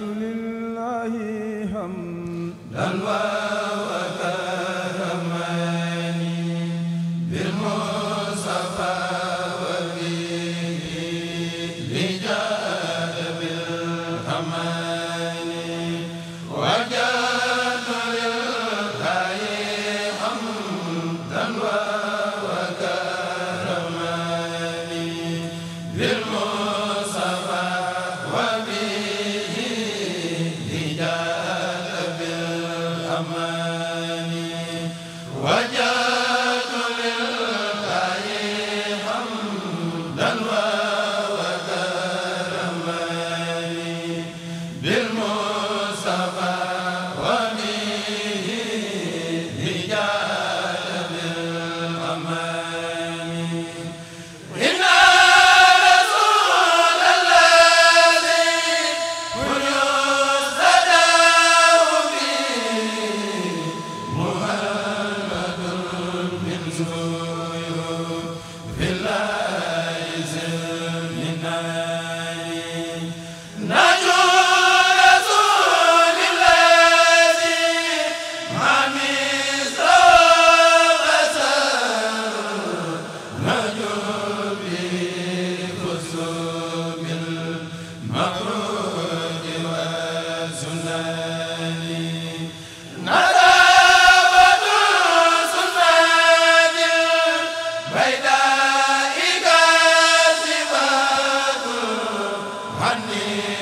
لله حمدا wa ani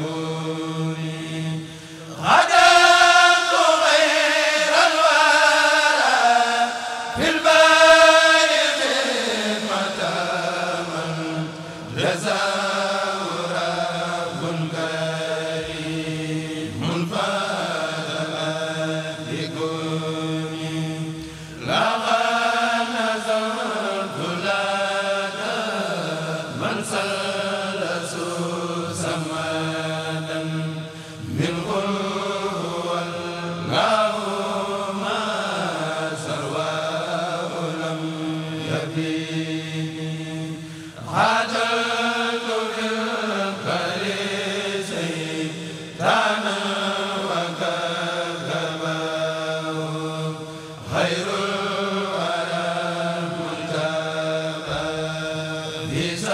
lahu bi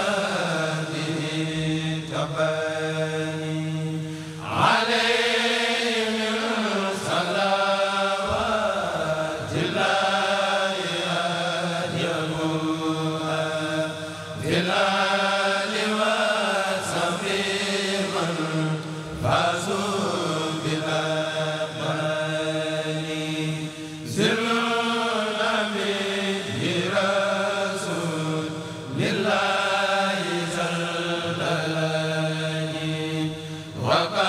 wa